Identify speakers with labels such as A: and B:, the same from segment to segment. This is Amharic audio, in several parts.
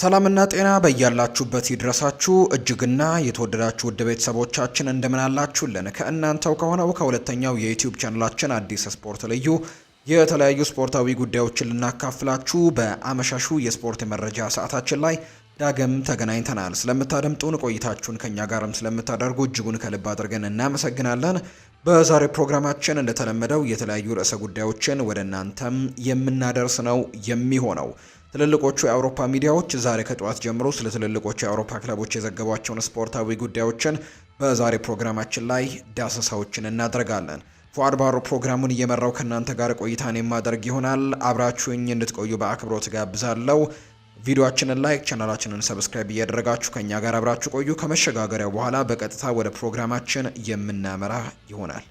A: ሰላምና ጤና በያላችሁበት ይድረሳችሁ። እጅግና የተወደዳችሁ ውድ ቤተሰቦቻችን እንደምን አላችሁልን? ከእናንተው ከሆነው ከሁለተኛው የዩትዩብ ቻናላችን አዲስ ስፖርት ልዩ የተለያዩ ስፖርታዊ ጉዳዮችን ልናካፍላችሁ በአመሻሹ የስፖርት መረጃ ሰዓታችን ላይ ዳግም ተገናኝተናል። ስለምታደምጡን ቆይታችሁን ከእኛ ጋርም ስለምታደርጉ እጅጉን ከልብ አድርገን እናመሰግናለን። በዛሬ ፕሮግራማችን እንደተለመደው የተለያዩ ርዕሰ ጉዳዮችን ወደ እናንተም የምናደርስ ነው የሚሆነው ትልልቆቹ የአውሮፓ ሚዲያዎች ዛሬ ከጠዋት ጀምሮ ስለ ትልልቆቹ የአውሮፓ ክለቦች የዘገቧቸውን ስፖርታዊ ጉዳዮችን በዛሬ ፕሮግራማችን ላይ ዳሰሳዎችን እናደርጋለን። ፉአድ ባሮ ፕሮግራሙን እየመራው ከእናንተ ጋር ቆይታን የማደርግ ይሆናል። አብራችሁኝ እንድትቆዩ በአክብሮት ጋብዛለሁ። ቪዲዮችንን ላይክ፣ ቻናላችንን ሰብስክራይብ እያደረጋችሁ ከእኛ ጋር አብራችሁ ቆዩ። ከመሸጋገሪያው በኋላ በቀጥታ ወደ ፕሮግራማችን የምናመራ ይሆናል።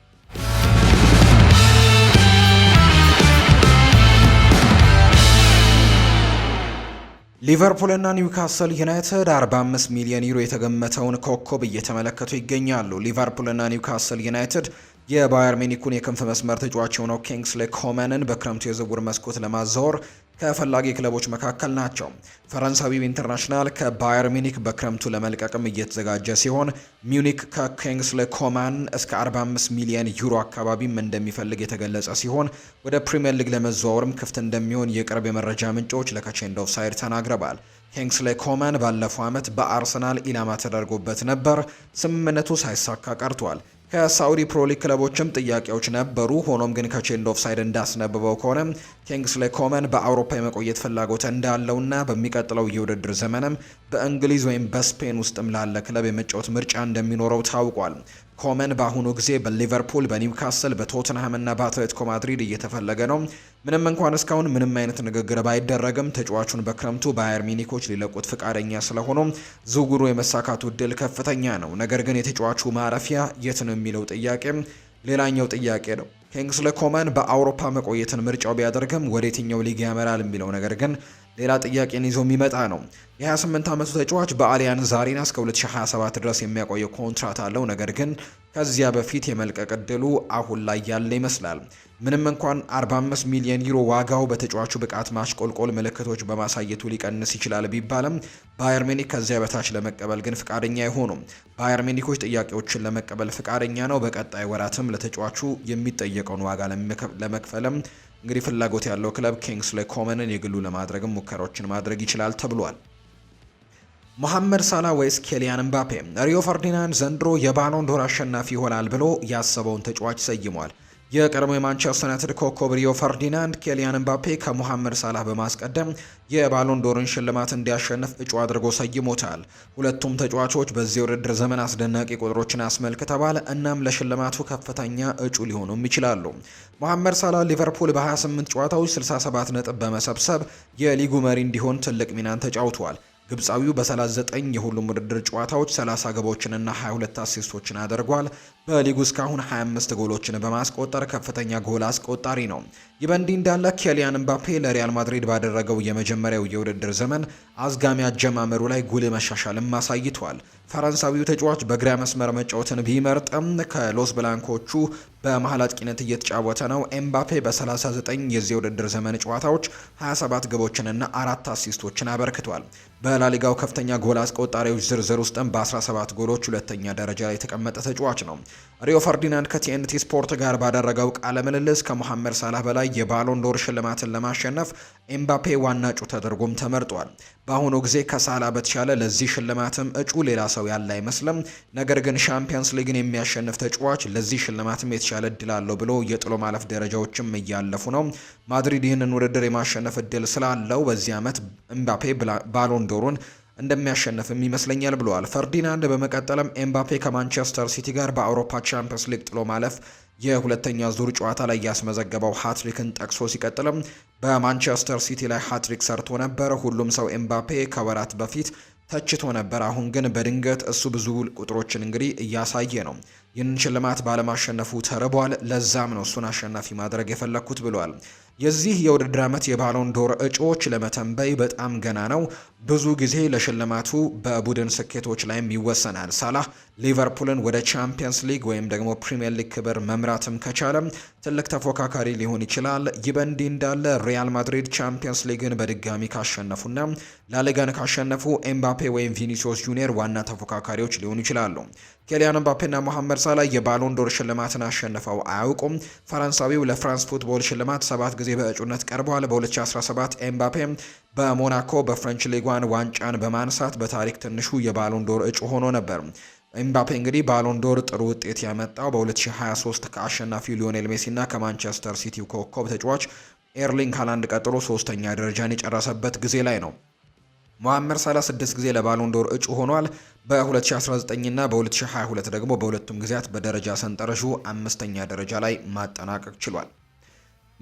A: ሊቨርፑል እና ኒውካስል ዩናይትድ 45 ሚሊዮን ዩሮ የተገመተውን ኮከብ እየተመለከቱ ይገኛሉ። ሊቨርፑል እና ኒውካስል ዩናይትድ የባየር ሚኒኩን የክንፍ መስመር ተጫዋች የሆነው ኪንግስሌ ኮመንን በክረምቱ የዝውውር መስኮት ለማዛወር ተፈላጊ ክለቦች መካከል ናቸው። ፈረንሳዊው ኢንተርናሽናል ከባየር ሚኒክ በክረምቱ ለመልቀቅም እየተዘጋጀ ሲሆን ሚዩኒክ ከኪንግስሌ ኮማን እስከ 45 ሚሊዮን ዩሮ አካባቢም እንደሚፈልግ የተገለጸ ሲሆን ወደ ፕሪምየር ሊግ ለመዘዋወርም ክፍት እንደሚሆን የቅርብ የመረጃ ምንጮች ለካቼንዶ ሳይድ ተናግረዋል። ኪንግስሌ ኮማን ባለፈው ዓመት በአርሰናል ኢላማ ተደርጎበት ነበር። ስምምነቱ ሳይሳካ ቀርቷል። ከሳውዲ ፕሮሊግ ክለቦችም ጥያቄዎች ነበሩ። ሆኖም ግን ከቼንድ ሳይድ እንዳስነብበው ከሆነ ኪንግስሌ ኮመን በአውሮፓ የመቆየት ፍላጎት እንዳለውና በሚቀጥለው የውድድር ዘመንም በእንግሊዝ ወይም በስፔን ውስጥም ላለ ክለብ የመጫወት ምርጫ እንደሚኖረው ታውቋል። ኮመን በአሁኑ ጊዜ በሊቨርፑል፣ በኒውካስል፣ በቶትንሃም እና በአትሌቲኮ ማድሪድ እየተፈለገ ነው። ምንም እንኳን እስካሁን ምንም አይነት ንግግር ባይደረግም ተጫዋቹን በክረምቱ ባየር ሚኒኮች ሊለቁት ፍቃደኛ ስለሆኑ ዝውውሩ የመሳካቱ እድል ከፍተኛ ነው። ነገር ግን የተጫዋቹ ማረፊያ የት ነው የሚለው ጥያቄ ሌላኛው ጥያቄ ነው። ኪንግስለ ኮመን በአውሮፓ መቆየትን ምርጫው ቢያደርግም ወደ የትኛው ሊግ ያመራል የሚለው ነገር ግን ሌላ ጥያቄን ይዞ የሚመጣ ነው። የ28 ዓመቱ ተጫዋች በአሊያንዝ አሬና እስከ 2027 ድረስ የሚያቆየው ኮንትራት አለው። ነገር ግን ከዚያ በፊት የመልቀቅ እድሉ አሁን ላይ ያለ ይመስላል። ምንም እንኳን 45 ሚሊዮን ዩሮ ዋጋው በተጫዋቹ ብቃት ማሽቆልቆል ምልክቶች በማሳየቱ ሊቀንስ ይችላል ቢባልም ባየር ሚኒክ ከዚያ በታች ለመቀበል ግን ፍቃደኛ አይሆኑም። ባየር ሚኒኮች ጥያቄዎችን ለመቀበል ፍቃደኛ ነው። በቀጣይ ወራትም ለተጫዋቹ የሚጠየቀውን ዋጋ ለመክፈልም እንግዲህ ፍላጎት ያለው ክለብ ኪንግስሌ ኮመንን የግሉ ለማድረግም ሙከራዎችን ማድረግ ይችላል ተብሏል። መሐመድ ሳላ ወይስ ኬሊያን እምባፔ? ሪዮ ፈርዲናንድ ዘንድሮ የባሎንዶር አሸናፊ ይሆናል ብሎ ያሰበውን ተጫዋች ሰይሟል። የቀድሞ የማንቸስተር ዩናይትድ ኮከብ ሪዮ ፈርዲናንድ ኬሊያን ኤምባፔ ከሞሐመድ ሳላህ በማስቀደም የባሎን ዶርን ሽልማት እንዲያሸንፍ እጩ አድርጎ ሰይሞታል። ሁለቱም ተጫዋቾች በዚህ ውድድር ዘመን አስደናቂ ቁጥሮችን አስመልክተዋል፣ እናም ለሽልማቱ ከፍተኛ እጩ ሊሆኑም ይችላሉ። ሞሐመድ ሳላህ ሊቨርፑል በ28 ጨዋታዎች 67 ነጥብ በመሰብሰብ የሊጉ መሪ እንዲሆን ትልቅ ሚናን ተጫውቷል። ግብፃዊው በ39 የሁሉም ውድድር ጨዋታዎች 30 ግቦችንና 22 አሲስቶችን አድርጓል። በሊጉ እስካሁን 25 ጎሎችን በማስቆጠር ከፍተኛ ጎል አስቆጣሪ ነው። ይህ በእንዲህ እንዳለ ኬሊያን ምባፔ ለሪያል ማድሪድ ባደረገው የመጀመሪያው የውድድር ዘመን አዝጋሚ አጀማመሩ ላይ ጉልህ መሻሻልም አሳይቷል። ፈረንሳዊው ተጫዋች በግራ መስመር መጫወትን ቢመርጥም ከሎስ ብላንኮቹ በመሀል አጥቂነት እየተጫወተ ነው። ኤምባፔ በ39 የዚህ ውድድር ዘመን ጨዋታዎች 27 ግቦችንና አራት አሲስቶችን አበርክቷል። በላሊጋው ከፍተኛ ጎል አስቆጣሪዎች ዝርዝር ውስጥም በ17 ጎሎች ሁለተኛ ደረጃ ላይ የተቀመጠ ተጫዋች ነው። ሪዮ ፈርዲናንድ ከቲኤንቲ ስፖርት ጋር ባደረገው ቃለ ምልልስ ከሞሐመድ ሳላህ በላይ የባሎን ዶር ሽልማትን ለማሸነፍ ኤምባፔ ዋና እጩ ተደርጎም ተመርጧል። በአሁኑ ጊዜ ከሳላ በተሻለ ለዚህ ሽልማትም እጩ ሌላ ሰው ያለ አይመስልም። ነገር ግን ሻምፒየንስ ሊግን የሚያሸንፍ ተጫዋች ለዚህ ሽልማትም የተሻለ እድል አለው ብሎ የጥሎ ማለፍ ደረጃዎችም እያለፉ ነው። ማድሪድ ይህንን ውድድር የማሸነፍ እድል ስላለው በዚህ ዓመት ኤምባፔ ዶሩን እንደሚያሸንፍም ይመስለኛል ብለዋል። ፈርዲናንድ በመቀጠልም ኤምባፔ ከማንቸስተር ሲቲ ጋር በአውሮፓ ቻምፒየንስ ሊግ ጥሎ ማለፍ የሁለተኛ ዙር ጨዋታ ላይ ያስመዘገበው ሃትሪክን ጠቅሶ ሲቀጥልም በማንቸስተር ሲቲ ላይ ሃትሪክ ሰርቶ ነበር። ሁሉም ሰው ኤምባፔ ከወራት በፊት ተችቶ ነበር። አሁን ግን በድንገት እሱ ብዙ ቁጥሮችን እንግዲህ እያሳየ ነው። ይህንን ሽልማት ባለማሸነፉ ተርቧል። ለዛም ነው እሱን አሸናፊ ማድረግ የፈለግኩት ብሏል። የዚህ የውድድር ዓመት የባሎን ዶር እጩዎች ለመተንበይ በጣም ገና ነው። ብዙ ጊዜ ለሽልማቱ በቡድን ስኬቶች ላይም ይወሰናል። ሳላህ ሊቨርፑልን ወደ ቻምፒየንስ ሊግ ወይም ደግሞ ፕሪምየር ሊግ ክብር መምራትም ከቻለም ትልቅ ተፎካካሪ ሊሆን ይችላል። ይህ በእንዲህ እንዳለ ሪያል ማድሪድ ቻምፒየንስ ሊግን በድጋሚ ካሸነፉና ላሊጋን ካሸነፉ ኤምባፔ ወይም ቪኒሲዮስ ጁኒየር ዋና ተፎካካሪዎች ሊሆኑ ይችላሉ። ኬሊያን ምባፔና ሞሐመድ ሳላ የባሎንዶር ሽልማትን አሸንፈው አያውቁም። ፈረንሳዊው ለፍራንስ ፉትቦል ሽልማት ሰባት ጊዜ በእጩነት ቀርበዋል። በ2017 ኤምባፔ በሞናኮ በፍሬንች ሊጓን ዋንጫን በማንሳት በታሪክ ትንሹ የባሎንዶር እጩ ሆኖ ነበር። ኤምባፔ እንግዲህ ባሎንዶር ጥሩ ውጤት ያመጣው በ2023 ከአሸናፊው ሊዮኔል ሜሲና ከማንቸስተር ሲቲ ኮከብ ተጫዋች ኤርሊንግ ሃላንድ ቀጥሎ ሶስተኛ ደረጃን የጨረሰበት ጊዜ ላይ ነው። ሞሐመድ ሳላ ስድስት ጊዜ ለባሎንዶር እጩ ሆኗል። በ2019ና በ2022 ደግሞ በሁለቱም ጊዜያት በደረጃ ሰንጠረሹ አምስተኛ ደረጃ ላይ ማጠናቀቅ ችሏል።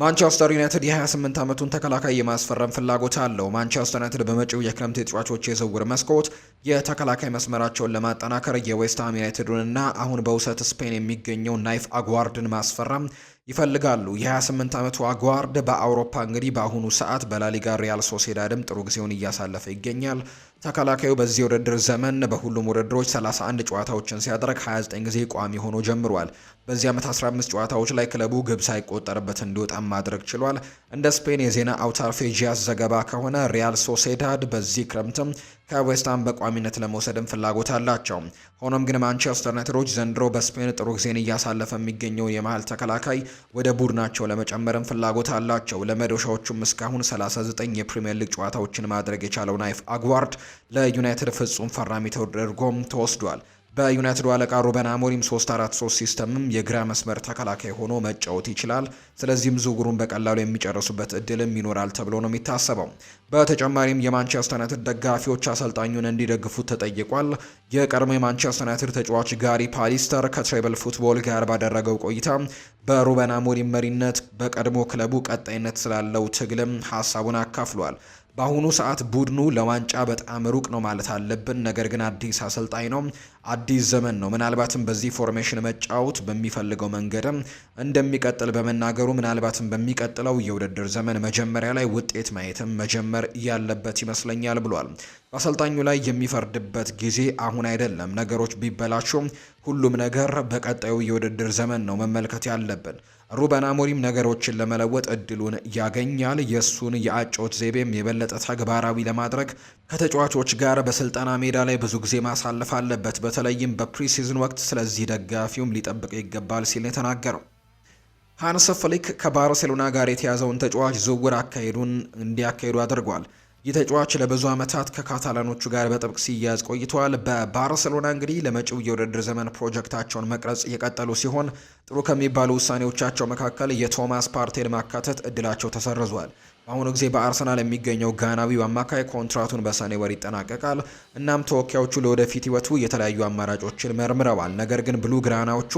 A: ማንቸስተር ዩናይትድ የ28 ዓመቱን ተከላካይ የማስፈረም ፍላጎት አለው። ማንቸስተር ዩናይትድ በመጪው የክረምት የተጫዋቾች የዝውውር መስኮት የተከላካይ መስመራቸውን ለማጠናከር የዌስትሃም ዩናይትድንና አሁን በውሰት ስፔን የሚገኘው ናይፍ አጓርድን ማስፈረም ይፈልጋሉ። የ28 ዓመቱ አጓርድ በአውሮፓ እንግዲህ በአሁኑ ሰዓት በላሊጋ ሪያል ሶሴዳድም ጥሩ ጊዜውን እያሳለፈ ይገኛል። ተከላካዩ በዚህ ውድድር ዘመን በሁሉም ውድድሮች 31 ጨዋታዎችን ሲያደርግ 29 ጊዜ ቋሚ ሆኖ ጀምሯል። በዚህ ዓመት 15 ጨዋታዎች ላይ ክለቡ ግብ ሳይቆጠርበት እንዲወጣ ማድረግ ችሏል። እንደ ስፔን የዜና አውታር ፌጂያስ ዘገባ ከሆነ ሪያል ሶሴዳድ በዚህ ክረምትም ከዌስትሃም በቋሚነት ለመውሰድም ፍላጎት አላቸው። ሆኖም ግን ማንቸስተር ዩናይትዶች ዘንድሮ በስፔን ጥሩ ጊዜን እያሳለፈ የሚገኘው የመሀል ተከላካይ ወደ ቡድናቸው ለመጨመርም ፍላጎት አላቸው። ለመዶሻዎቹም እስካሁን 39 የፕሪምየር ሊግ ጨዋታዎችን ማድረግ የቻለው ናይፍ አግዋርድ ለዩናይትድ ፍጹም ፈራሚ ተደርጎም ተወስዷል። በዩናይትድ አለቃ ሩበን አሞሪም 343 ሲስተምም የግራ መስመር ተከላካይ ሆኖ መጫወት ይችላል። ስለዚህም ዝውውሩን በቀላሉ የሚጨርሱበት እድልም ይኖራል ተብሎ ነው የሚታሰበው። በተጨማሪም የማንቸስተር ዩናይትድ ደጋፊዎች አሰልጣኙን እንዲደግፉ ተጠይቋል። የቀድሞ የማንቸስተር ዩናይትድ ተጫዋች ጋሪ ፓሊስተር ከትሬብል ፉትቦል ጋር ባደረገው ቆይታ በሩበን አሞሪም መሪነት በቀድሞ ክለቡ ቀጣይነት ስላለው ትግልም ሀሳቡን አካፍሏል። በአሁኑ ሰዓት ቡድኑ ለዋንጫ በጣም ሩቅ ነው ማለት አለብን። ነገር ግን አዲስ አሰልጣኝ ነው፣ አዲስ ዘመን ነው። ምናልባትም በዚህ ፎርሜሽን መጫወት በሚፈልገው መንገድም እንደሚቀጥል በመናገሩ ምናልባትም በሚቀጥለው የውድድር ዘመን መጀመሪያ ላይ ውጤት ማየትም መጀመር ያለበት ይመስለኛል ብሏል። በአሰልጣኙ ላይ የሚፈርድበት ጊዜ አሁን አይደለም። ነገሮች ቢበላሹም ሁሉም ነገር በቀጣዩ የውድድር ዘመን ነው መመልከት ያለብን። ሩበን አሞሪም ነገሮችን ለመለወጥ እድሉን ያገኛል። የእሱን የአጮት ዜቤም የበለጠ ተግባራዊ ለማድረግ ከተጫዋቾች ጋር በስልጠና ሜዳ ላይ ብዙ ጊዜ ማሳለፍ አለበት፣ በተለይም በፕሪሲዝን ወቅት። ስለዚህ ደጋፊውም ሊጠብቅ ይገባል ሲል የተናገረው ሃንስ ፍሊክ ከባርሴሎና ጋር የተያዘውን ተጫዋች ዝውውር አካሄዱን እንዲያካሄዱ አድርጓል። ይህ ተጫዋች ለብዙ ዓመታት ከካታላኖቹ ጋር በጥብቅ ሲያያዝ ቆይተዋል። በባርሰሎና እንግዲህ ለመጪው የውድድር ዘመን ፕሮጀክታቸውን መቅረጽ የቀጠሉ ሲሆን ጥሩ ከሚባሉ ውሳኔዎቻቸው መካከል የቶማስ ፓርቴን ማካተት እድላቸው ተሰርዟል። በአሁኑ ጊዜ በአርሰናል የሚገኘው ጋናዊው አማካይ ኮንትራቱን በሰኔ ወር ይጠናቀቃል። እናም ተወካዮቹ ለወደፊት ሕይወቱ የተለያዩ አማራጮችን መርምረዋል። ነገር ግን ብሉ ግራናዎቹ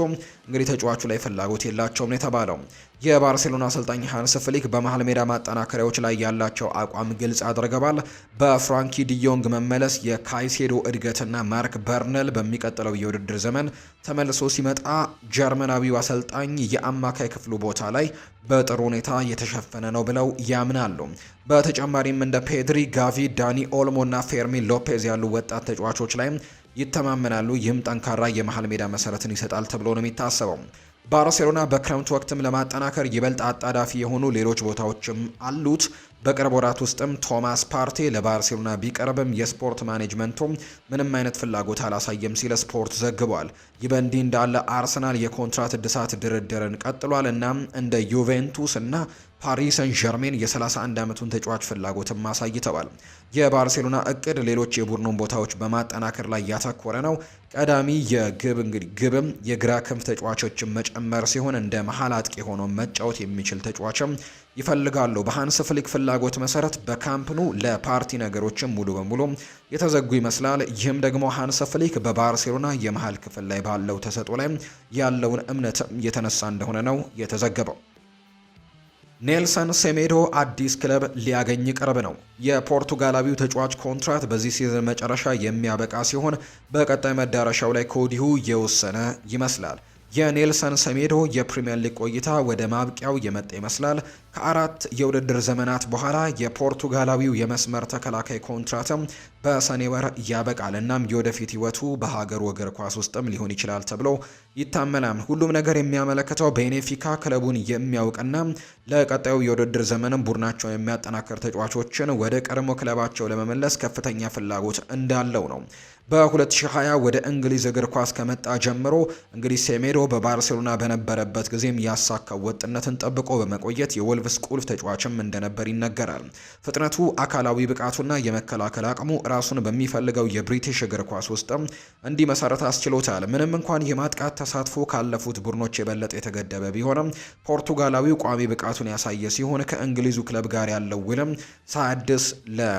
A: እንግዲህ ተጫዋቹ ላይ ፍላጎት የላቸውም ነው የተባለው። የባርሴሎና አሰልጣኝ ሃንስ ፍሊክ በመሀል ሜዳ ማጠናከሪያዎች ላይ ያላቸው አቋም ግልጽ አድርገዋል። በፍራንኪ ዲዮንግ መመለስ፣ የካይሴዶ እድገትና ማርክ በርነል በሚቀጥለው የውድድር ዘመን ተመልሶ ሲመጣ ጀርመናዊው አሰልጣኝ የአማካይ ክፍሉ ቦታ ላይ በጥሩ ሁኔታ የተሸፈነ ነው ብለው ያምናሉ። በተጨማሪም እንደ ፔድሪ፣ ጋቪ፣ ዳኒ ኦልሞ እና ፌርሚን ሎፔዝ ያሉ ወጣት ተጫዋቾች ላይም ይተማመናሉ። ይህም ጠንካራ የመሀል ሜዳ መሰረትን ይሰጣል ተብሎ ነው የሚታሰበው። ባርሴሎና በክረምት ወቅትም ለማጠናከር ይበልጥ አጣዳፊ የሆኑ ሌሎች ቦታዎችም አሉት። በቅርብ ወራት ውስጥም ቶማስ ፓርቴ ለባርሴሎና ቢቀርብም የስፖርት ማኔጅመንቱም ምንም አይነት ፍላጎት አላሳየም ሲል ስፖርት ዘግቧል። ይህ በእንዲህ እንዳለ አርሰናል የኮንትራት እድሳት ድርድርን ቀጥሏል። እና እንደ ዩቬንቱስ እና ፓሪስ ሰን ዠርሜን የ31 ዓመቱን ተጫዋች ፍላጎትም አሳይተዋል። የባርሴሎና እቅድ ሌሎች የቡድኑን ቦታዎች በማጠናከር ላይ ያተኮረ ነው። ቀዳሚ የግብ እንግዲህ ግብም የግራ ክንፍ ተጫዋቾችን መጨመር ሲሆን እንደ መሀል አጥቂ ሆኖ መጫወት የሚችል ተጫዋችም ይፈልጋሉ። በሃንስ ፍሊክ ፍላጎት መሰረት በካምፕኑ ለፓርቲ ነገሮችም ሙሉ በሙሉ የተዘጉ ይመስላል። ይህም ደግሞ ሃንስ ፍሊክ በባርሴሎና የመሀል ክፍል ላይ ባለው ተሰጥኦ ላይ ያለውን እምነት የተነሳ እንደሆነ ነው የተዘገበው። ኔልሰን ሴሜዶ አዲስ ክለብ ሊያገኝ ቅርብ ነው። የፖርቱጋላዊው ተጫዋች ኮንትራት በዚህ ሲዝን መጨረሻ የሚያበቃ ሲሆን በቀጣይ መዳረሻው ላይ ከወዲሁ የወሰነ ይመስላል። የኔልሰን ሴሜዶ የፕሪምየር ሊግ ቆይታ ወደ ማብቂያው የመጣ ይመስላል። ከአራት የውድድር ዘመናት በኋላ የፖርቱጋላዊው የመስመር ተከላካይ ኮንትራትም በሰኔ ወር ያበቃል። እናም የወደፊት ህይወቱ በሀገሩ እግር ኳስ ውስጥም ሊሆን ይችላል ተብሎ ይታመናል። ሁሉም ነገር የሚያመለክተው ቤኔፊካ ክለቡን የሚያውቅና ለቀጣዩ የውድድር ዘመንም ቡድናቸውን የሚያጠናክር ተጫዋቾችን ወደ ቀድሞ ክለባቸው ለመመለስ ከፍተኛ ፍላጎት እንዳለው ነው። በ2020 ወደ እንግሊዝ እግር ኳስ ከመጣ ጀምሮ እንግዲህ ሴሜዶ በባርሴሎና በነበረበት ጊዜም ያሳካው ወጥነትን ጠብቆ በመቆየት የወል የወልቭስ ቁልፍ ተጫዋችም እንደነበር ይነገራል። ፍጥነቱ፣ አካላዊ ብቃቱና የመከላከል አቅሙ ራሱን በሚፈልገው የብሪቲሽ እግር ኳስ ውስጥም እንዲመሰረት አስችሎታል። ምንም እንኳን የማጥቃት ተሳትፎ ካለፉት ቡድኖች የበለጠ የተገደበ ቢሆንም ፖርቱጋላዊው ቋሚ ብቃቱን ያሳየ ሲሆን ከእንግሊዙ ክለብ ጋር ያለው ውልም ሳያድስ ለ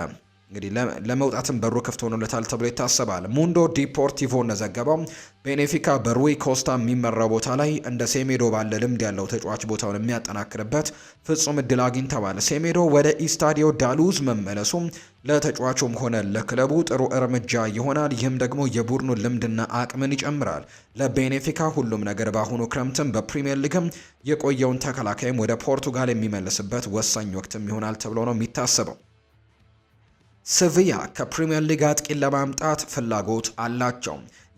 A: እንግዲህ ለመውጣትም በሩ ክፍት ሆኖለታል ተብሎ ይታሰባል። ሙንዶ ዲፖርቲቮ እንደዘገበው ቤኔፊካ በሩይ ኮስታ የሚመራው ቦታ ላይ እንደ ሴሜዶ ባለ ልምድ ያለው ተጫዋች ቦታውን የሚያጠናክርበት ፍጹም እድል አግኝተዋል። ሴሜዶ ወደ ኢስታዲዮ ዳሉዝ መመለሱም ለተጫዋቹም ሆነ ለክለቡ ጥሩ እርምጃ ይሆናል። ይህም ደግሞ የቡድኑ ልምድና አቅምን ይጨምራል። ለቤኔፊካ ሁሉም ነገር በአሁኑ ክረምትም በፕሪምየር ሊግም የቆየውን ተከላካይም ወደ ፖርቱጋል የሚመልስበት ወሳኝ ወቅትም ይሆናል ተብሎ ነው የሚታሰበው። ስቪያ ከፕሪምየር ሊግ አጥቂን ለማምጣት ፍላጎት አላቸው።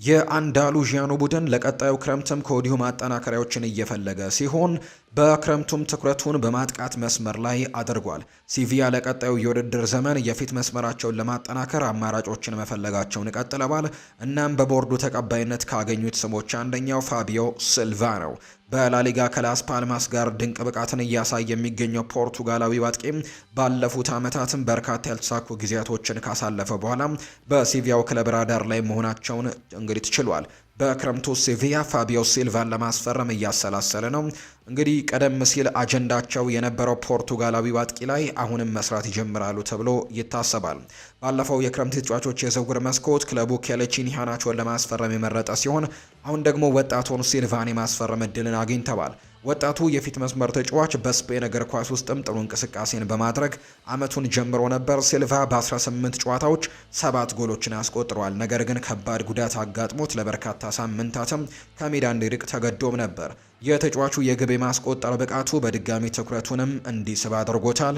A: የአንዳሉዥያኑ ቡድን ለቀጣዩ ክረምትም ከወዲሁ ማጠናከሪያዎችን እየፈለገ ሲሆን በክረምቱም ትኩረቱን በማጥቃት መስመር ላይ አድርጓል። ሲቪያ ለቀጣዩ የውድድር ዘመን የፊት መስመራቸውን ለማጠናከር አማራጮችን መፈለጋቸውን ቀጥለዋል። እናም በቦርዱ ተቀባይነት ካገኙት ስሞች አንደኛው ፋቢዮ ሲልቫ ነው። በላሊጋ ከላስ ፓልማስ ጋር ድንቅ ብቃትን እያሳየ የሚገኘው ፖርቱጋላዊ አጥቂም ባለፉት ዓመታትም በርካታ ያልተሳኩ ጊዜያቶችን ካሳለፈ በኋላ በሲቪያው ክለብ ራዳር ላይ መሆናቸውን እንግዲህ ችሏል። በክረምቱ ሴቪያ ፋቢዮ ሲልቫን ለማስፈረም እያሰላሰለ ነው። እንግዲህ ቀደም ሲል አጀንዳቸው የነበረው ፖርቱጋላዊ አጥቂ ላይ አሁንም መስራት ይጀምራሉ ተብሎ ይታሰባል። ባለፈው የክረምት ተጫዋቾች የዝውውር መስኮት ክለቡ ኬሌቺን ሂናቾን ለማስፈረም የመረጠ ሲሆን አሁን ደግሞ ወጣቱን ሲልቫን የማስፈረም እድልን አግኝተዋል። ወጣቱ የፊት መስመር ተጫዋች በስፔን እግር ኳስ ውስጥም ጥሩ እንቅስቃሴን በማድረግ አመቱን ጀምሮ ነበር። ሲልቫ በ18 ጨዋታዎች ሰባት ጎሎችን አስቆጥሯል። ነገር ግን ከባድ ጉዳት አጋጥሞት ለበርካታ ሳምንታትም ከሜዳ እንዲርቅ ተገዶም ነበር። የተጫዋቹ የግብ ማስቆጠር ብቃቱ በድጋሚ ትኩረቱንም እንዲስብ አድርጎታል።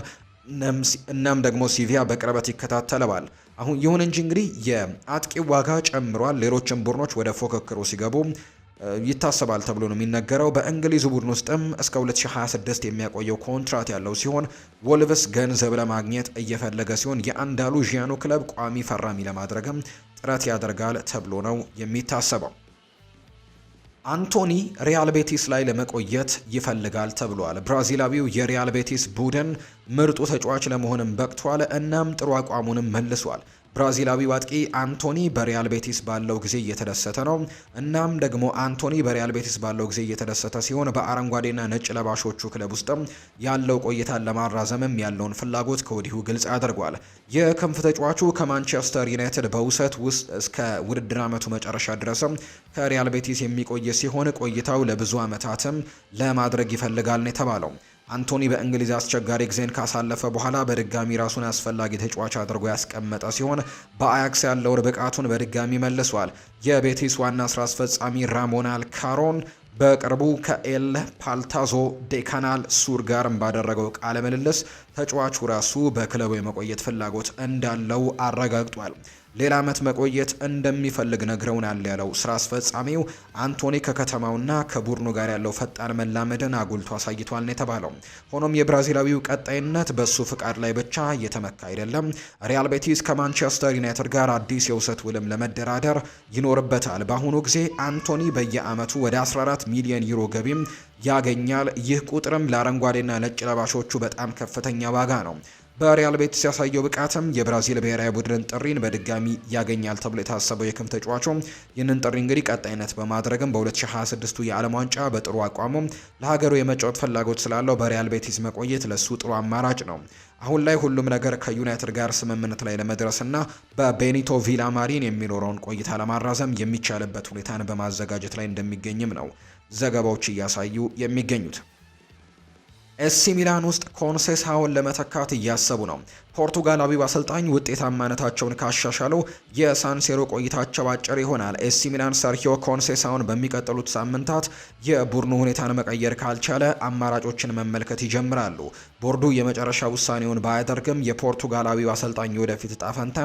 A: እናም ደግሞ ሲቪያ በቅርበት ይከታተለዋል። አሁን ይሁን እንጂ እንግዲህ የአጥቂ ዋጋ ጨምሯል። ሌሎችም ቡድኖች ወደ ፉክክሩ ሲገቡ ይታሰባል ተብሎ ነው የሚነገረው። በእንግሊዝ ቡድን ውስጥም እስከ 2026 የሚያቆየው ኮንትራት ያለው ሲሆን ወልቭስ ገንዘብ ለማግኘት እየፈለገ ሲሆን የአንዳሉዥያኑ ክለብ ቋሚ ፈራሚ ለማድረግም ጥረት ያደርጋል ተብሎ ነው የሚታሰበው። አንቶኒ ሪያል ቤቲስ ላይ ለመቆየት ይፈልጋል ተብሏል። ብራዚላዊው የሪያል ቤቲስ ቡድን ምርጡ ተጫዋች ለመሆንም በቅቷል። እናም ጥሩ አቋሙንም መልሷል። ብራዚላዊው አጥቂ አንቶኒ በሪያል ቤቲስ ባለው ጊዜ እየተደሰተ ነው። እናም ደግሞ አንቶኒ በሪያል ቤቲስ ባለው ጊዜ እየተደሰተ ሲሆን በአረንጓዴና ነጭ ለባሾቹ ክለብ ውስጥም ያለው ቆይታን ለማራዘምም ያለውን ፍላጎት ከወዲሁ ግልጽ አድርጓል። የክንፍ ተጫዋቹ ከማንቸስተር ዩናይትድ በውሰት ውስጥ እስከ ውድድር ዓመቱ መጨረሻ ድረስም ከሪያል ቤቲስ የሚቆይ ሲሆን ቆይታው ለብዙ ዓመታትም ለማድረግ ይፈልጋል ነው የተባለው። አንቶኒ በእንግሊዝ አስቸጋሪ ጊዜን ካሳለፈ በኋላ በድጋሚ ራሱን አስፈላጊ ተጫዋች አድርጎ ያስቀመጠ ሲሆን በአያክስ ያለውን ብቃቱን በድጋሚ መልሷል። የቤቲስ ዋና ስራ አስፈጻሚ ራሞናል ካሮን በቅርቡ ከኤል ፓልታዞ ዴካናል ሱር ጋርም ባደረገው ቃለ ምልልስ ተጫዋቹ ራሱ በክለቡ የመቆየት ፍላጎት እንዳለው አረጋግጧል። ሌላ ዓመት መቆየት እንደሚፈልግ ነግረውናል ያለው ስራ አስፈጻሚው አንቶኒ ከከተማውና ከቡድኑ ጋር ያለው ፈጣን መላመድን አጉልቶ አሳይቷል ነው የተባለው። ሆኖም የብራዚላዊው ቀጣይነት በሱ ፍቃድ ላይ ብቻ እየተመካ አይደለም። ሪያል ቤቲስ ከማንቸስተር ዩናይትድ ጋር አዲስ የውሰት ውልም ለመደራደር ይኖርበታል። በአሁኑ ጊዜ አንቶኒ በየዓመቱ ወደ 14 ሚሊዮን ዩሮ ገቢም ያገኛል። ይህ ቁጥርም ለአረንጓዴና ነጭ ለባሾቹ በጣም ከፍተኛ ዋጋ ነው። በሪያል ቤቲስ ያሳየው ብቃትም የብራዚል ብሔራዊ ቡድን ጥሪን በድጋሚ ያገኛል ተብሎ የታሰበው የክም ተጫዋቹ ይህንን ጥሪ እንግዲህ ቀጣይነት በማድረግም በ 2026 የዓለም ዋንጫ በጥሩ አቋሙ ለሀገሩ የመጫወት ፍላጎት ስላለው በሪያል ቤቲስ መቆየት ለሱ ጥሩ አማራጭ ነው። አሁን ላይ ሁሉም ነገር ከዩናይትድ ጋር ስምምነት ላይ ለመድረስና በቤኒቶ ቪላ ማሪን የሚኖረውን ቆይታ ለማራዘም የሚቻልበት ሁኔታን በማዘጋጀት ላይ እንደሚገኝም ነው ዘገባዎች እያሳዩ የሚገኙት። ኤሲ ሚላን ውስጥ ኮንሴሳውን ለመተካት እያሰቡ ነው። ፖርቱጋላዊው አሰልጣኝ ውጤታማነታቸውን ካሻሻሉ የሳንሴሮ ቆይታቸው አጭር ይሆናል። ኤሲ ሚላን ሰርኪዮ ኮንሴሳውን በሚቀጥሉት ሳምንታት የቡድኑ ሁኔታን መቀየር ካልቻለ አማራጮችን መመልከት ይጀምራሉ። ቦርዱ የመጨረሻ ውሳኔውን ባያደርግም የፖርቱጋላዊው አሰልጣኝ ወደፊት ዕጣ ፈንታ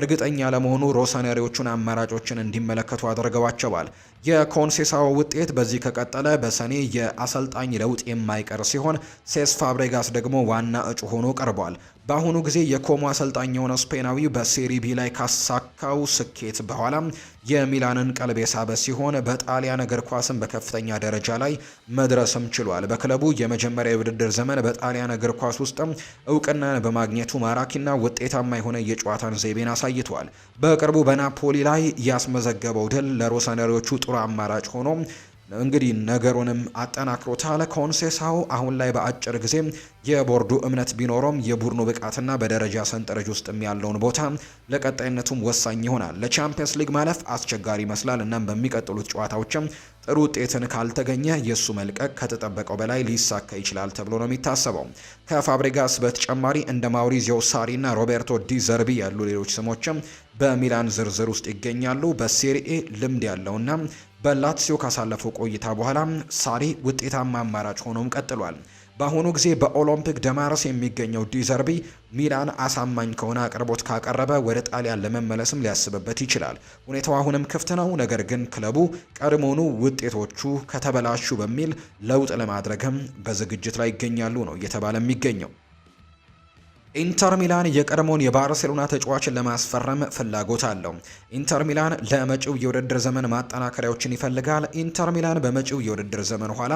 A: እርግጠኛ ለመሆኑ ሮሰነሪዎቹን አማራጮችን እንዲመለከቱ አድርገዋቸዋል። የኮንሴሳው ውጤት በዚህ ከቀጠለ በሰኔ የአሰልጣኝ ለውጥ የማይቀር ሲሆን ሴስ ፋብሬጋስ ደግሞ ዋና እጩ ሆኖ ቀርቧል። በአሁኑ ጊዜ የኮሞ አሰልጣኝ የሆነው ስፔናዊ በሴሪ ቢ ላይ ካሳካው ስኬት በኋላ የሚላንን ቀልብ የሳበ ሲሆን በጣሊያን እግር ኳስን በከፍተኛ ደረጃ ላይ መድረስም ችሏል። በክለቡ የመጀመሪያ የውድድር ዘመን በጣሊያን እግር ኳስ ውስጥም እውቅናን በማግኘቱ ማራኪና ውጤታማ የሆነ የጨዋታን ዘይቤን አሳይቷል። በቅርቡ በናፖሊ ላይ ያስመዘገበው ድል ለሮሰነሪዎቹ ጥሩ አማራጭ ሆኖ እንግዲህ ነገሩንም አጠናክሮታል። ኮንሴሳው አሁን ላይ በአጭር ጊዜ የቦርዱ እምነት ቢኖረውም የቡድኑ ብቃትና በደረጃ ሰንጠረዥ ውስጥ ያለውን ቦታ ለቀጣይነቱም ወሳኝ ይሆናል። ለቻምፒየንስ ሊግ ማለፍ አስቸጋሪ ይመስላል። እናም በሚቀጥሉት ጨዋታዎችም ጥሩ ውጤትን ካልተገኘ የእሱ መልቀቅ ከተጠበቀው በላይ ሊሳካ ይችላል ተብሎ ነው የሚታሰበው። ከፋብሪጋስ በተጨማሪ እንደ ማውሪዚዮ ሳሪ ሮቤርቶ ዲ ዘርቢ ያሉ ሌሎች ስሞችም በሚላን ዝርዝር ውስጥ ይገኛሉ። በሴሪኤ ልምድ ያለውና በላትሲዮ ካሳለፈው ቆይታ በኋላ ሳሪ ውጤታማ አማራጭ ሆኖም ቀጥሏል። በአሁኑ ጊዜ በኦሎምፒክ ደማርስ የሚገኘው ዲዘርቢ ሚላን አሳማኝ ከሆነ አቅርቦት ካቀረበ ወደ ጣሊያን ለመመለስም ሊያስብበት ይችላል። ሁኔታው አሁንም ክፍት ነው። ነገር ግን ክለቡ ቀድሞኑ ውጤቶቹ ከተበላሹ በሚል ለውጥ ለማድረግም በዝግጅት ላይ ይገኛሉ ነው እየተባለ የሚገኘው። ኢንተር ሚላን የቀድሞውን የባርሴሎና ተጫዋችን ለማስፈረም ፍላጎት አለው። ኢንተር ሚላን ለመጪው የውድድር ዘመን ማጠናከሪያዎችን ይፈልጋል። ኢንተር ሚላን በመጪው የውድድር ዘመን ኋላ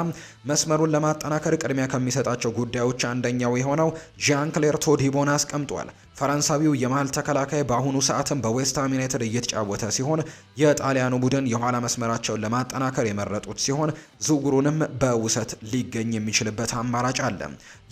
A: መስመሩን ለማጠናከር ቅድሚያ ከሚሰጣቸው ጉዳዮች አንደኛው የሆነው ዣን ክሌር ቶዲቦን አስቀምጧል። ፈረንሳዊው የመሀል ተከላካይ በአሁኑ ሰዓትም በዌስትሃም ዩናይትድ እየተጫወተ ሲሆን የጣሊያኑ ቡድን የኋላ መስመራቸውን ለማጠናከር የመረጡት ሲሆን ዝውውሩንም በውሰት ሊገኝ የሚችልበት አማራጭ አለ።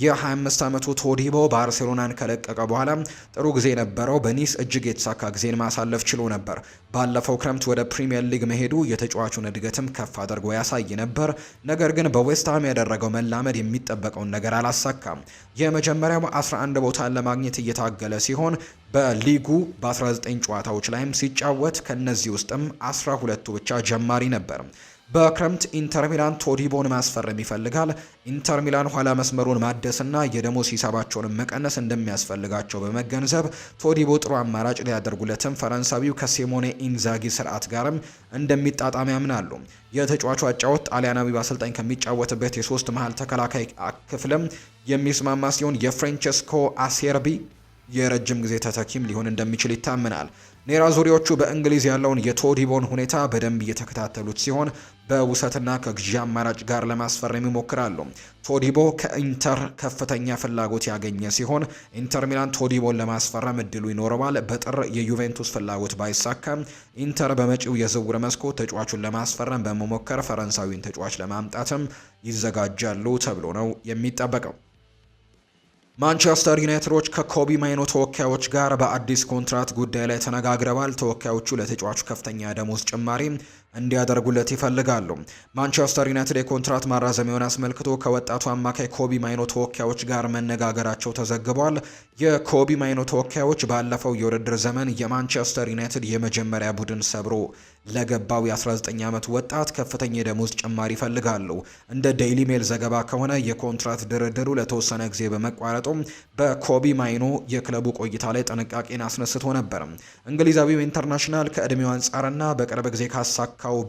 A: የ25 ዓመቱ ቶዲቦ ባርሴሎና ሚላን ከለቀቀ በኋላ ጥሩ ጊዜ የነበረው በኒስ እጅግ የተሳካ ጊዜን ማሳለፍ ችሎ ነበር። ባለፈው ክረምት ወደ ፕሪምየር ሊግ መሄዱ የተጫዋቹን እድገትም ከፍ አድርጎ ያሳይ ነበር። ነገር ግን በዌስትሃም ያደረገው መላመድ የሚጠበቀውን ነገር አላሳካም። የመጀመሪያው 11 ቦታን ለማግኘት እየታገለ ሲሆን በሊጉ በ19 ጨዋታዎች ላይም ሲጫወት ከነዚህ ውስጥም 12ቱ ብቻ ጀማሪ ነበር። በክረምት ኢንተር ሚላን ቶዲቦን ማስፈረም ይፈልጋል። ኢንተር ሚላን ኋላ መስመሩን ማደስና የደሞዝ ሂሳባቸውን መቀነስ እንደሚያስፈልጋቸው በመገንዘብ ቶዲቦ ጥሩ አማራጭ ሊያደርጉለትም ፈረንሳዊው ከሲሞኔ ኢንዛጊ ስርዓት ጋርም እንደሚጣጣም ያምናሉ። የተጫዋቹ አጫወት ጣሊያናዊው አሰልጣኝ ከሚጫወትበት የሶስት መሀል ተከላካይ ክፍልም የሚስማማ ሲሆን የፍሬንቸስኮ አሴርቢ የረጅም ጊዜ ተተኪም ሊሆን እንደሚችል ይታመናል። ኔራ ዙሪዎቹ በእንግሊዝ ያለውን የቶዲቦን ሁኔታ በደንብ እየተከታተሉት ሲሆን በውሰትና ከግዢ አማራጭ ጋር ለማስፈረም ይሞክራሉ። ቶዲቦ ከኢንተር ከፍተኛ ፍላጎት ያገኘ ሲሆን ኢንተር ሚላን ቶዲቦን ለማስፈረም እድሉ ይኖረዋል። በጥር የዩቬንቱስ ፍላጎት ባይሳካም ኢንተር በመጪው የዝውውር መስኮት ተጫዋቹን ለማስፈረም በመሞከር ፈረንሳዊን ተጫዋች ለማምጣትም ይዘጋጃሉ ተብሎ ነው የሚጠበቀው። ማንቸስተር ዩናይትዶች ከኮቢ ማይኖ ተወካዮች ጋር በአዲስ ኮንትራት ጉዳይ ላይ ተነጋግረዋል። ተወካዮቹ ለተጫዋቹ ከፍተኛ ደሞዝ ጭማሪ እንዲያደርጉለት ይፈልጋሉ። ማንቸስተር ዩናይትድ የኮንትራት ማራዘሚያውን አስመልክቶ ከወጣቱ አማካይ ኮቢ ማይኖ ተወካዮች ጋር መነጋገራቸው ተዘግቧል። የኮቢ ማይኖ ተወካዮች ባለፈው የውድድር ዘመን የማንቸስተር ዩናይትድ የመጀመሪያ ቡድን ሰብሮ ለገባው የ19 ዓመት ወጣት ከፍተኛ የደሞዝ ጭማሪ ይፈልጋሉ። እንደ ዴይሊ ሜል ዘገባ ከሆነ የኮንትራት ድርድሩ ለተወሰነ ጊዜ በመቋረጡ በኮቢ ማይኖ የክለቡ ቆይታ ላይ ጥንቃቄን አስነስቶ ነበር። እንግሊዛዊው ኢንተርናሽናል ከእድሜው አንጻርና በቅርብ ጊዜ ካሳ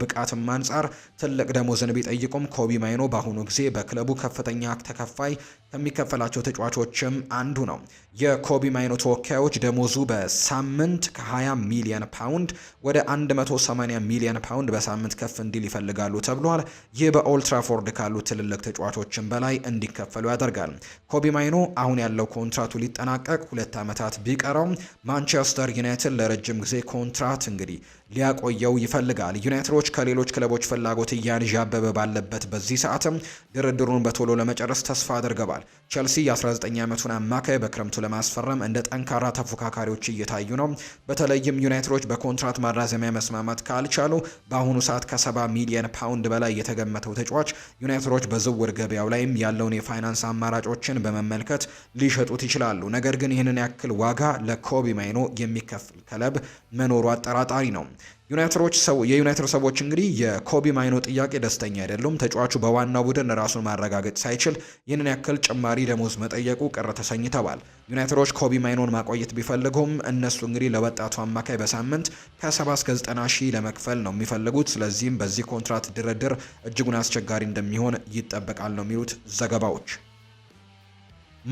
A: ብቃት ብቃትም አንጻር ትልቅ ደሞዝን ቢጠይቁም ኮቢ ማይኖ በአሁኑ ጊዜ በክለቡ ከፍተኛ ተከፋይ ከሚከፈላቸው ተጫዋቾችም አንዱ ነው። የኮቢ ማይኖ ተወካዮች ደሞዙ በሳምንት ከ20 ሚሊዮን ፓውንድ ወደ 180 ሚሊዮን ፓውንድ በሳምንት ከፍ እንዲል ይፈልጋሉ ተብሏል። ይህ በኦልትራፎርድ ካሉ ትልልቅ ተጫዋቾችን በላይ እንዲከፈሉ ያደርጋል። ኮቢ ማይኖ አሁን ያለው ኮንትራቱ ሊጠናቀቅ ሁለት ዓመታት ቢቀረው ማንቸስተር ዩናይትድ ለረጅም ጊዜ ኮንትራት እንግዲህ ሊያቆየው ይፈልጋል። ዩናይትዶች ከሌሎች ክለቦች ፍላጎት እያንዣበበ ባለበት በዚህ ሰዓትም ድርድሩን በቶሎ ለመጨረስ ተስፋ አድርገዋል። ቸልሲ የ19 ዓመቱን አማካይ በክረምቱ ለማስፈረም እንደ ጠንካራ ተፎካካሪዎች እየታዩ ነው። በተለይም ዩናይትዶች በኮንትራት ማራዘሚያ መስማማት ካልቻሉ በአሁኑ ሰዓት ከሰባ ሚሊየን ፓውንድ በላይ የተገመተው ተጫዋች ዩናይትዶች በዝውውር ገበያው ላይም ያለውን የፋይናንስ አማራጮችን በመመልከት ሊሸጡት ይችላሉ። ነገር ግን ይህንን ያክል ዋጋ ለኮቢ ማይኖ የሚከፍል ክለብ መኖሩ አጠራጣሪ ነው። ዩናይትሮች ሰው የዩናይትድ ሰዎች እንግዲህ የኮቢ ማይኖ ጥያቄ ደስተኛ አይደሉም። ተጫዋቹ በዋናው ቡድን ራሱን ማረጋገጥ ሳይችል ይህንን ያክል ጭማሪ ደሞዝ መጠየቁ ቅር ተሰኝተዋል። ዩናይትዶች ኮቢ ማይኖን ማቆየት ቢፈልጉም እነሱ እንግዲህ ለወጣቱ አማካይ በሳምንት ከ70 እስከ 90 ሺህ ለመክፈል ነው የሚፈልጉት። ስለዚህም በዚህ ኮንትራት ድርድር እጅጉን አስቸጋሪ እንደሚሆን ይጠበቃል ነው የሚሉት ዘገባዎች።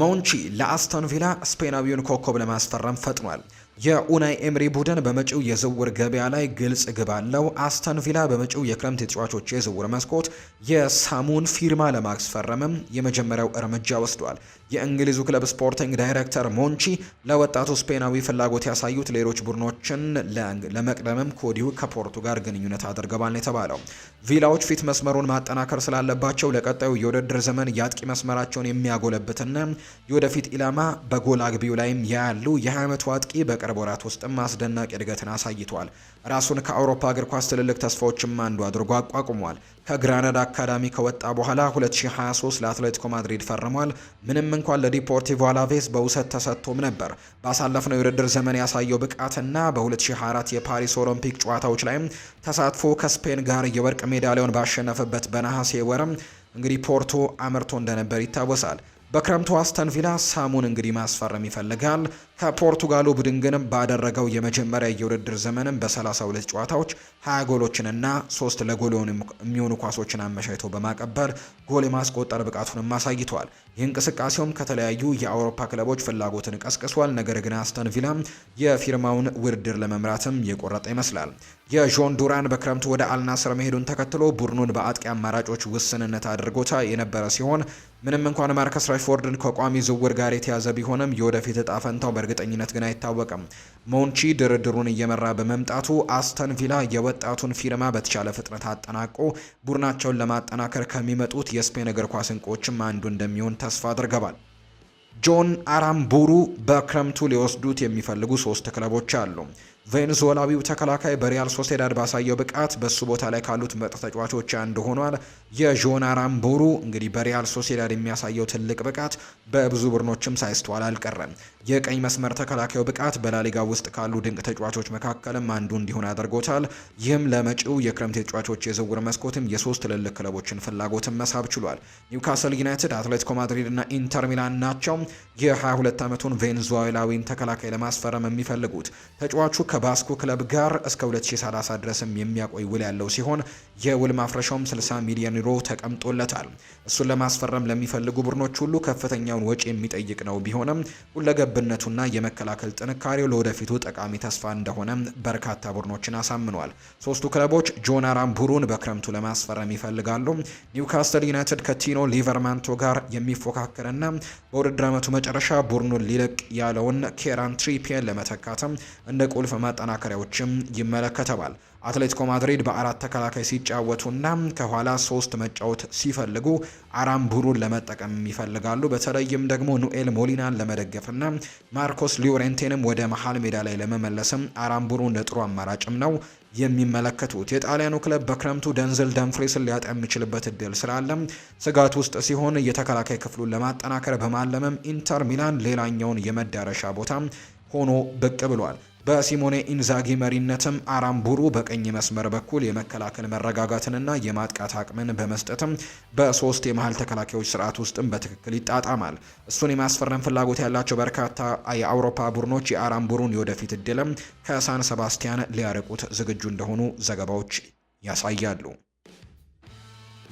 A: ሞንቺ ለአስቶን ቪላ ስፔናዊውን ኮከብ ለማስፈረም ፈጥኗል። የኡናይ ኤምሪ ቡድን በመጪው የዝውውር ገበያ ላይ ግልጽ ግብ አለው። አስተን ቪላ በመጪው የክረምት የተጫዋቾች የዝውውር መስኮት የሳሙን ፊርማ ለማስፈረምም የመጀመሪያው እርምጃ ወስዷል። የእንግሊዙ ክለብ ስፖርቲንግ ዳይሬክተር ሞንቺ ለወጣቱ ስፔናዊ ፍላጎት ያሳዩት ሌሎች ቡድኖችን ለመቅደምም ኮዲው ከፖርቱ ጋር ግንኙነት አድርገዋል የተባለው ቪላዎች ፊት መስመሩን ማጠናከር ስላለባቸው ለቀጣዩ የውድድር ዘመን የአጥቂ መስመራቸውን የሚያጎለብትና የወደፊት ኢላማ በጎል አግቢው ላይም ያሉ የ20 ዓመቱ አጥቂ በቅርብ ወራት ውስጥም አስደናቂ እድገትን አሳይቷል። ራሱን ከአውሮፓ እግር ኳስ ትልልቅ ተስፋዎችም አንዱ አድርጎ አቋቁሟል። ከግራናዳ አካዳሚ ከወጣ በኋላ 2023 ለአትሌቲኮ ማድሪድ ፈርሟል። ምንም እንኳን ለዲፖርቲቮ አላቬስ በውሰት ተሰጥቶም ነበር። ባሳለፍነው የውድድር ዘመን ያሳየው ብቃትና በ2024 የፓሪስ ኦሎምፒክ ጨዋታዎች ላይም ተሳትፎ ከስፔን ጋር የወርቅ ሜዳሊያውን ባሸነፈበት በነሐሴ ወርም እንግዲህ ፖርቶ አምርቶ እንደነበር ይታወሳል። በክረምቱ አስተን ቪላ ሳሙን እንግዲህ ማስፈረም ይፈልጋል። ከፖርቱጋሉ ቡድን ግን ባደረገው የመጀመሪያ የውድድር ዘመንም በ32 ጨዋታዎች 20 ጎሎችንና 3 ለጎል የሚሆኑ ኳሶችን አመሻይቶ በማቀበል ጎል የማስቆጠር ብቃቱንም አሳይቷል። ይህ እንቅስቃሴውም ከተለያዩ የአውሮፓ ክለቦች ፍላጎትን ቀስቅሷል። ነገር ግን አስተን ቪላ የፊርማውን ውድድር ለመምራትም የቆረጠ ይመስላል። የዦን ዱራን በክረምቱ ወደ አልናስር መሄዱን ተከትሎ ቡድኑን በአጥቂ አማራጮች ውስንነት አድርጎታ የነበረ ሲሆን ምንም እንኳን ማርከስ ራሽፎርድን ከቋሚ ዝውውር ጋር የተያዘ ቢሆንም የወደፊት እጣ ፈንታው በእርግጠኝነት ግን አይታወቅም። ሞንቺ ድርድሩን እየመራ በመምጣቱ አስተን ቪላ የወጣቱን ፊርማ በተቻለ ፍጥነት አጠናቆ ቡድናቸውን ለማጠናከር ከሚመጡት የስፔን እግር ኳስ እንቁዎችም አንዱ እንደሚሆን ተስፋ አድርገዋል። ጆን አራምቡሩ በክረምቱ ሊወስዱት የሚፈልጉ ሶስት ክለቦች አሉ። ቬንዙዌላዊው ተከላካይ በሪያል ሶሴዳድ ባሳየው ብቃት በሱ ቦታ ላይ ካሉት ምርጥ ተጫዋቾች አንዱ ሆኗል። የዦን አራምቡሩ እንግዲህ በሪያል ሶሴዳድ የሚያሳየው ትልቅ ብቃት በብዙ ቡድኖችም ሳይስተዋል አልቀረም። የቀኝ መስመር ተከላካዩ ብቃት በላሊጋ ውስጥ ካሉ ድንቅ ተጫዋቾች መካከልም አንዱ እንዲሆን አድርጎታል። ይህም ለመጪው የክረምት ተጫዋቾች የዝውውር መስኮትም የሶስት ትልልቅ ክለቦችን ፍላጎትን መሳብ ችሏል። ኒውካስል ዩናይትድ፣ አትሌቲኮ ማድሪድ እና ኢንተር ሚላን ናቸው የ22 ዓመቱን ቬንዙዌላዊን ተከላካይ ለማስፈረም የሚፈልጉት ተጫዋቹ ከባስኩ ክለብ ጋር እስከ 2030 ድረስም የሚያቆይ ውል ያለው ሲሆን የውል ማፍረሻውም 60 ሚሊዮን ዩሮ ተቀምጦለታል። እሱን ለማስፈረም ለሚፈልጉ ቡድኖች ሁሉ ከፍተኛውን ወጪ የሚጠይቅ ነው። ቢሆንም ሁለገብነቱና የመከላከል ጥንካሬው ለወደፊቱ ጠቃሚ ተስፋ እንደሆነ በርካታ ቡድኖችን አሳምኗል። ሶስቱ ክለቦች ጆን አራምቡሩን በክረምቱ ለማስፈረም ይፈልጋሉ። ኒውካስትል ዩናይትድ ከቲኖ ሊቨርማንቶ ጋር የሚፎካከርና በውድድር ዓመቱ መጨረሻ ቡድኑን ሊለቅ ያለውን ኬራን ትሪፒየን ለመተካተም እንደ ቁልፍ ማጠናከሪያዎችም ይመለከተባል አትሌቲኮ ማድሪድ በአራት ተከላካይ ሲጫወቱና ከኋላ ሶስት መጫወት ሲፈልጉ አራምቡሩን ለመጠቀም ይፈልጋሉ። በተለይም ደግሞ ኑኤል ሞሊናን ለመደገፍና ማርኮስ ሊዮሬንቴንም ወደ መሀል ሜዳ ላይ ለመመለስም አራምቡሩ እንደ ጥሩ አማራጭም ነው የሚመለከቱት። የጣሊያኑ ክለብ በክረምቱ ደንዝል ደንፍሬስን ሊያጣ የሚችልበት እድል ስላለም ስጋት ውስጥ ሲሆን የተከላካይ ክፍሉን ለማጠናከር በማለመም ኢንተር ሚላን ሌላኛውን የመዳረሻ ቦታ ሆኖ ብቅ ብሏል። በሲሞኔ ኢንዛጊ መሪነትም አራምቡሩ በቀኝ መስመር በኩል የመከላከል መረጋጋትንና የማጥቃት አቅምን በመስጠትም በሶስት የመሀል ተከላካዮች ስርዓት ውስጥም በትክክል ይጣጣማል። እሱን የማስፈረም ፍላጎት ያላቸው በርካታ የአውሮፓ ቡድኖች የአራምቡሩን የወደፊት እድልም ከሳን ሰባስቲያን ሊያርቁት ዝግጁ እንደሆኑ ዘገባዎች ያሳያሉ።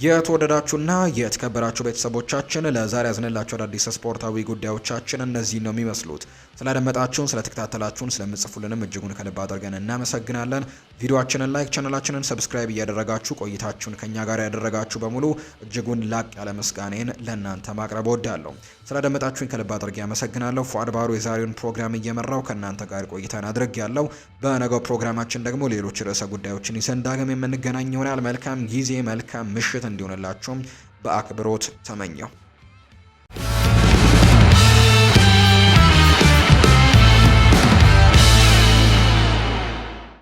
A: የተወደዳችሁና የተከበራችሁ ቤተሰቦቻችን ለዛሬ ያዝንላችሁ አዳዲስ ስፖርታዊ ጉዳዮቻችን እነዚህ ነው የሚመስሉት። ስላደመጣችሁን፣ ስለተከታተላችሁን፣ ስለምጽፉልንም እጅጉን ከልብ አድርገን እናመሰግናለን። ቪዲዮችንን ላይክ፣ ቻናላችንን ሰብስክራይብ እያደረጋችሁ ቆይታችሁን ከኛ ጋር ያደረጋችሁ በሙሉ እጅጉን ላቅ ያለ ምስጋኔን ለእናንተ ማቅረብ ወዳለሁ። ስላደመጣችሁን ከልብ አድርጌ አመሰግናለሁ። ፏድ ባሩ የዛሬውን ፕሮግራም እየመራው ከእናንተ ጋር ቆይታን አድርግ ያለው። በነገው ፕሮግራማችን ደግሞ ሌሎች ርዕሰ ጉዳዮችን ይዘን ዳግም የምንገናኝ ይሆናል። መልካም ጊዜ፣ መልካም ምሽት እንዲሆንላችሁም በአክብሮት ተመኘው።